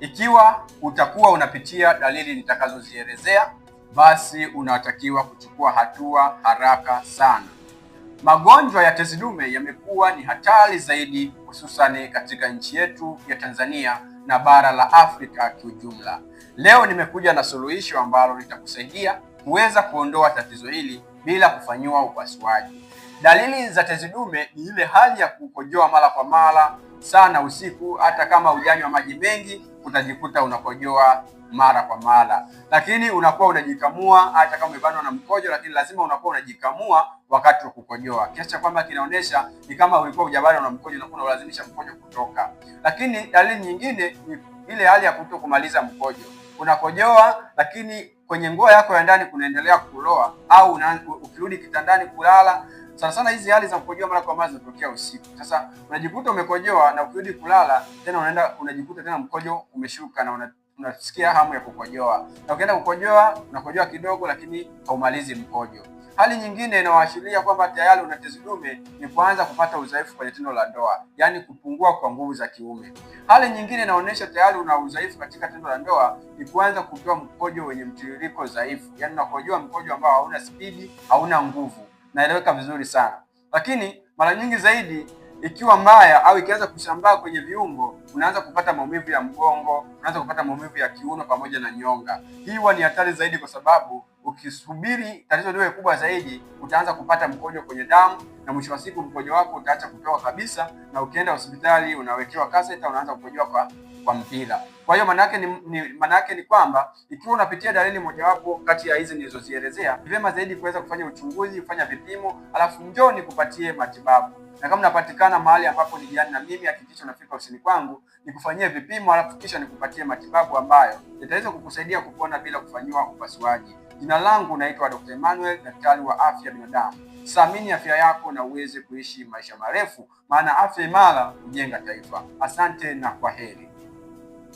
Ikiwa utakuwa unapitia dalili nitakazozielezea, basi unatakiwa kuchukua hatua haraka sana. Magonjwa ya tezi dume yamekuwa ni hatari zaidi, hususani katika nchi yetu ya Tanzania na bara la Afrika kiujumla. Leo nimekuja na suluhisho ambalo litakusaidia kuweza kuondoa tatizo hili bila kufanyiwa upasuaji. Dalili za tezi dume ni ile hali ya kukojoa mara kwa mara sana usiku, hata kama ujanywa maji mengi utajikuta unakojoa mara kwa mara, lakini unakuwa unajikamua hata kama umebanwa na mkojo, lakini lazima unakuwa unajikamua wakati wa kukojoa, kiasi cha kwamba kinaonyesha ni kama ulikuwa hujabanwa na mkojo na unalazimisha mkojo kutoka. Lakini dalili nyingine ni ile hali ya kuto kumaliza mkojo, unakojoa lakini kwenye nguo yako ya ndani kunaendelea kuloa, au ukirudi kitandani kulala sana sana hizi hali za kukojoa mara kwa mara zinatokea usiku. Sasa unajikuta umekojoa na ukirudi kulala tena unaenda unajikuta tena mkojo umeshuka na una, unasikia hamu ya kukojoa. Na ukienda kukojoa unakojoa kidogo lakini haumalizi mkojo. Hali nyingine inayoashiria kwamba tayari una tezi dume ni kuanza kupata udhaifu kwenye tendo la ndoa, yaani kupungua kwa nguvu za kiume. Hali nyingine inaonyesha tayari una udhaifu katika tendo la ndoa ni kuanza kutoa mkojo wenye mtiririko dhaifu, yaani unakojoa mkojo ambao hauna spidi, hauna nguvu naeleweka vizuri sana, lakini mara nyingi zaidi ikiwa mbaya au ikianza kusambaa kwenye viungo, unaanza kupata maumivu ya mgongo, unaanza kupata maumivu ya kiuno pamoja na nyonga. Hii huwa ni hatari zaidi, kwa sababu ukisubiri tatizo liwe kubwa zaidi, utaanza kupata mkojo kwenye damu, na mwisho wa siku mkojo wako utaacha kutoka kabisa, na ukienda hospitali unawekewa kaseta, unaanza kukojoa kwa kwa mpira. Kwa hiyo manake ni, ni manake ni kwamba ikiwa unapitia dalili mojawapo kati ya hizi nilizozielezea, ni vyema zaidi kuweza kufanya uchunguzi, kufanya vipimo, alafu njoo nikupatie matibabu. Na kama unapatikana mahali ambapo ni jirani na mimi, hakikisha unafika ofisini kwangu nikufanyie vipimo, alafu kisha nikupatie matibabu ambayo yataweza kukusaidia kupona bila kufanyiwa upasuaji. Jina langu naitwa Dr. Emmanuel, daktari wa afya binadamu. samini afya yako na uweze kuishi maisha marefu, maana afya imara hujenga taifa. Asante na kwa heri.